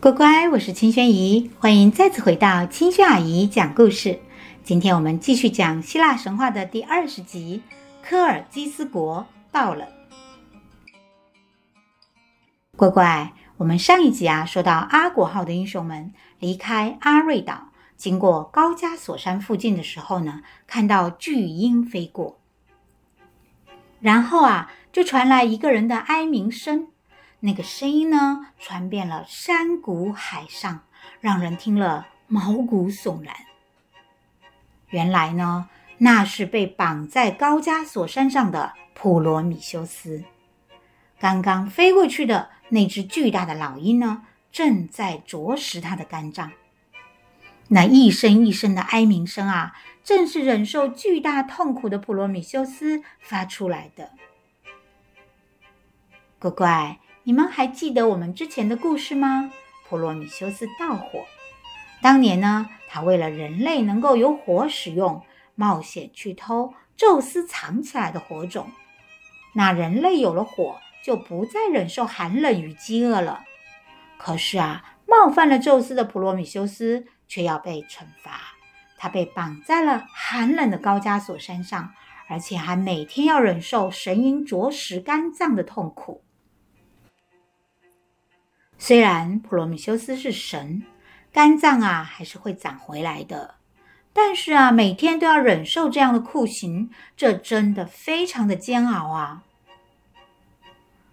乖乖，我是青萱姨，歡迎再次回到青萱阿姨講故事。今天我們繼續講希臘神話的第二十集《科爾基斯國》到了。乖乖，我們上一集啊，說到阿果號的英雄們離開阿瑞島，經過高加索山附近的時候呢，看到巨鷹飛過，然後啊，就傳來一個人的哀鳴聲。那個聲音呢，傳遍了山谷海上，讓人聽了毛骨悚然。原來呢，那是被綁在高加索山上的普羅米修斯。剛剛飛過去的那只巨大的老鷹呢，正在啄食他的肝臟。那一聲一聲的哀鳴聲啊，正是忍受巨大痛苦的普羅米修斯發出來的。乖乖。你們還記得我們之前的故事嗎？普羅米修斯盜火。當年呢，他為了人類能夠有火使用，冒險去偷宙斯藏起來的火種。那人類有了火，就不再忍受寒冷與飢餓了。可是啊，冒犯了宙斯的普羅米修斯卻要被懲罰。他被綁在了寒冷的高加索山上，而且還每天要忍受神鷹啄食肝臟的痛苦。雖然普羅米修斯是神，肝臟啊還是會長回來的，但是啊，每天都要忍受這樣的酷刑，這真的非常的煎熬啊！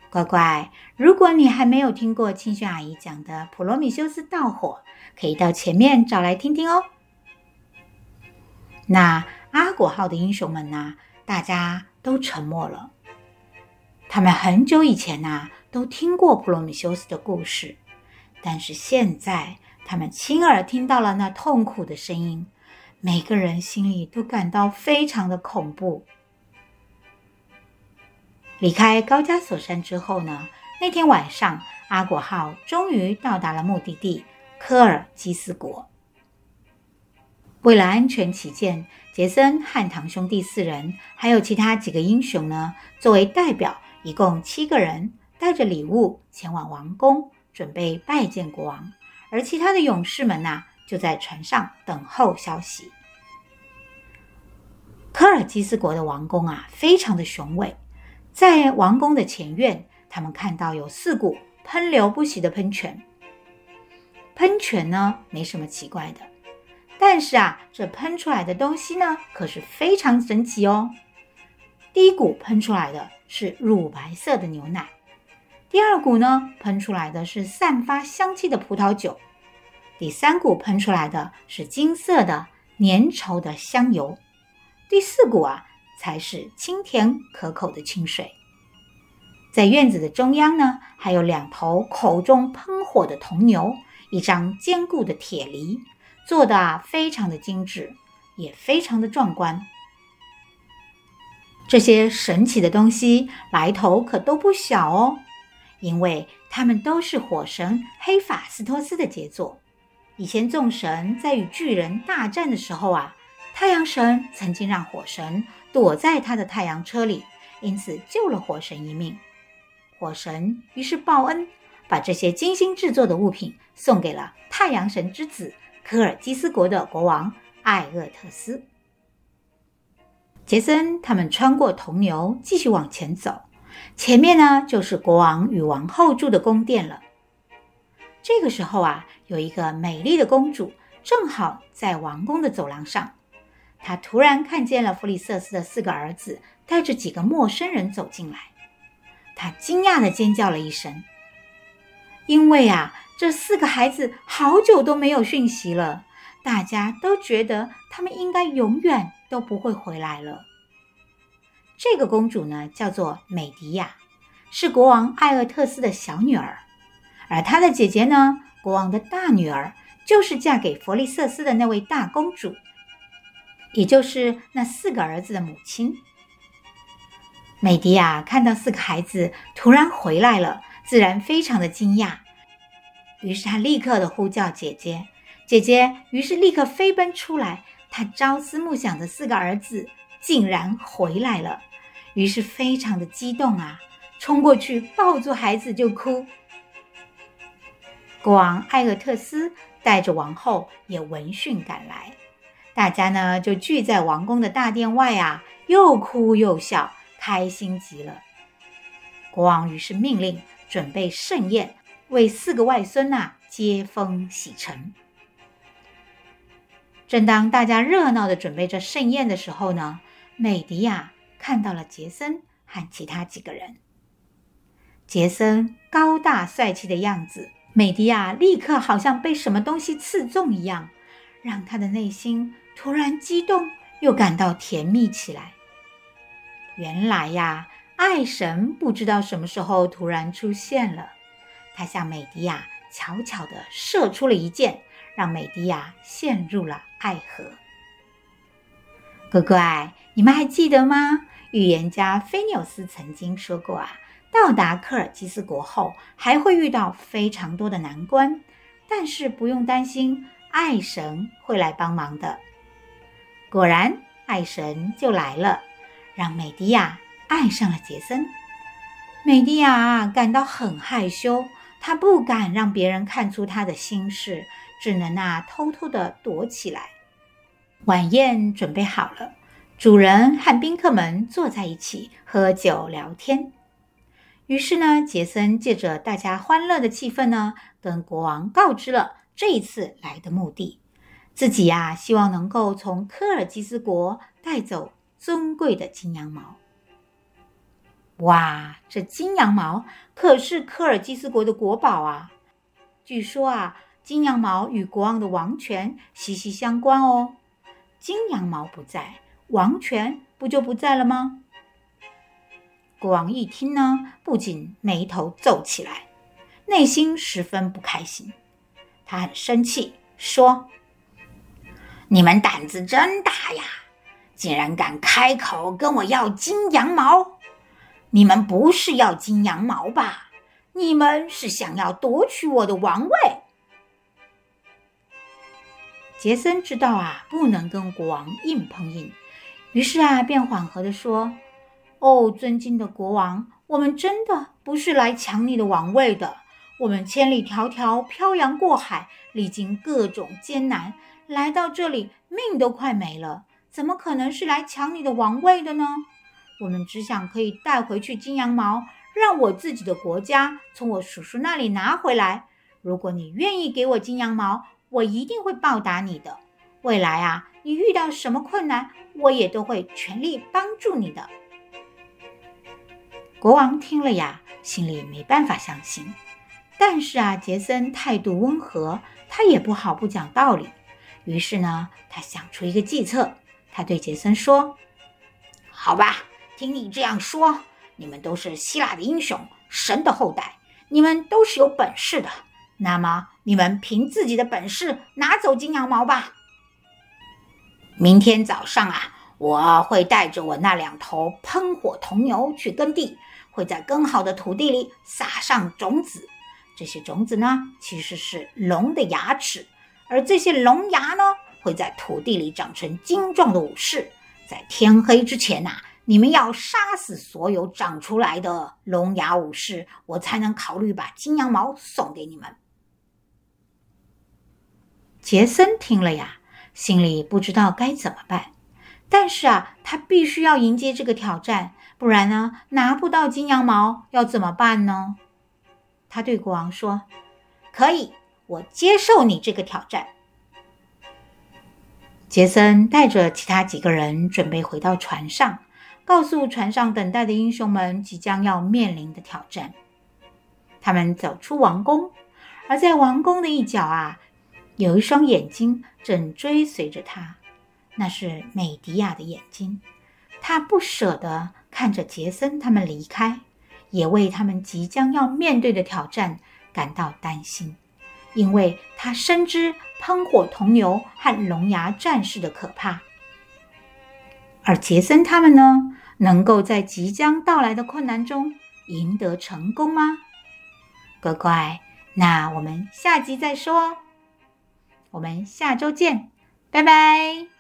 乖乖，如果你還沒有聽過青萱阿姨講的《普羅米修斯盜火》，可以到前面找來聽聽哦。那阿果號的英雄們呢、啊？大家都沉默了。他們很久以前呢、啊？都聽過普羅米修斯的故事，但是現在他們親耳聽到了那痛苦的聲音，每個人心裡都感到非常的恐怖。離開高加索山之後呢，那天晚上，阿果號終於到達了目的地——科爾基斯國。為了安全起見，傑森和堂兄弟四人，還有其他幾個英雄呢，作為代表，一共七個人。帶着禮物前往王宮，準備拜見國王，而其他的勇士們呢、啊，就在船上等候消息。科爾基斯國的王宮啊，非常的雄偉。在王宮的前院，他們看到有四股噴流不息的噴泉。噴泉呢，沒什麼奇怪的，但是啊，這噴出來的東西呢，可是非常神奇哦。第一股噴出來的是乳白色的牛奶。第二股呢，噴出來的是散發香氣的葡萄酒；第三股噴出來的是金色的粘稠的香油；第四股啊，才是清甜可口的清水。在院子的中央呢，還有兩頭口中噴火的銅牛，一張堅固的鐵犁，做得啊非常的精緻，也非常的壯觀。這些神奇的東西來頭可都不小哦。因為他們都是火神黑法斯托斯的傑作。以前眾神在與巨人大戰的時候啊，太陽神曾經讓火神躲在他的太陽車裡，因此救了火神一命。火神於是報恩，把這些精心制作的物品送給了太陽神之子科爾基斯國的國王艾厄特斯。傑森他們穿過銅牛，繼續往前走。前面呢，就是國王與王后住的宮殿了。這個時候啊，有一個美麗的公主正好在王宮的走廊上，她突然看見了弗里瑟斯的四個兒子帶着幾個陌生人走進來，她驚訝地尖叫了一聲。因為啊，這四個孩子好久都沒有訊息了，大家都覺得他們應該永遠都不會回來了。這個公主呢，叫做美迪亞，是國王艾厄特斯的小女兒，而她的姐姐呢，國王的大女兒，就是嫁給弗利瑟斯的那位大公主，也就是那四個兒子的母親。美迪亞看到四個孩子突然回來了，自然非常的驚訝，於是她立刻的呼叫姐姐，姐姐於是立刻飛奔出來，她朝思暮想的四個兒子。竟然回來了，於是非常的激動啊，衝過去抱住孩子就哭。國王艾勒特斯帶着王后也聞訊趕來，大家呢就聚在王宮的大殿外啊，又哭又笑，開心極了。國王於是命令準備盛宴，為四個外孫呐啊，接風洗塵。正當大家熱鬧的準備着盛宴的時候呢。美迪亞看到了傑森和其他幾個人。傑森高大帥氣的樣子，美迪亞立刻好像被什麼東西刺中一樣，讓他的內心突然激動又感到甜蜜起來。原來呀、啊，愛神不知道什麼時候突然出現了，他向美迪亞悄悄地射出了一箭，讓美迪亞陷入了愛河。哥愛你們還記得嗎？預言家菲紐斯曾經說過啊，到達科爾基斯國後還會遇到非常多的難關，但是不用擔心，愛神會來幫忙的。果然，愛神就來了，讓美迪亞愛上了傑森。美迪亞感到很害羞，她不敢讓別人看出她的心事，只能啊偷偷的躲起來。晚宴準備好了。主人和賓客們坐在一起喝酒聊天。於是呢，傑森借着大家歡樂的氣氛呢，跟國王告知了這一次來的目的。自己呀，希望能夠從科爾基斯國帶走尊貴的金羊毛。哇，這金羊毛可是科爾基斯國的國寶啊！據說啊，金羊毛與國王的王權息息相關哦。金羊毛不在，王權不就不在了嗎？國王一聽呢，不禁眉頭皺起來，內心十分不開心。他很生氣，說：“你們膽子真大呀，竟然敢開口跟我要金羊毛！你們不是要金羊毛吧？你們是想要奪取我的王位。”傑森知道啊，不能跟國王硬碰硬。於是啊，便緩和地說：“哦，尊敬的國王，我們真的不是來搶你的王位的。我們千里迢迢漂洋過海，歷經各種艱難來到這裡，命都快沒了，怎麼可能是來搶你的王位的呢？我們只想可以帶回去金羊毛，讓我自己的國家從我叔叔那裡拿回來。如果你願意給我金羊毛，我一定會報答你的。未來啊。”你遇到什麼困難，我也都會全力幫助你的。國王聽了呀，心裡沒辦法相信。但是啊，杰森態度溫和，他也不好不講道理。於是呢，他想出一個計策，他對杰森說：“好吧，聽你這樣說，你們都是希臘的英雄，神的後代，你們都是有本事的，那麼你們憑自己的本事拿走金羊毛吧。”明天早上啊，我會帶着我那兩頭噴火銅牛去耕地，會在耕好的土地裡撒上種子。這些種子呢，其實是龍的牙齒，而這些龍牙呢，會在土地裡長成精壯的武士。在天黑之前吶、啊，你們要殺死所有長出來的龍牙武士，我才能考慮把金羊毛送給你們。傑森聽了呀。心裡不知道該怎麼辦，但是啊，他必須要迎接這個挑戰，不然呢，拿不到金羊毛要怎麼辦呢？他對國王說：“可以，我接受你這個挑戰。”傑森帶着其他幾個人準備回到船上，告訴船上等待的英雄們即將要面臨的挑戰。他們走出王宮，而在王宮的一角啊。有一雙眼睛正追隨着他，那是美迪亞的眼睛。他不捨得看着傑森他們離開，也為他們即將要面對的挑戰感到擔心，因為他深知噴火銅牛和龍牙戰士的可怕。而傑森他們呢，能夠在即將到來的困難中贏得成功嗎？乖乖，那我們下集再說。我們下周見，拜拜。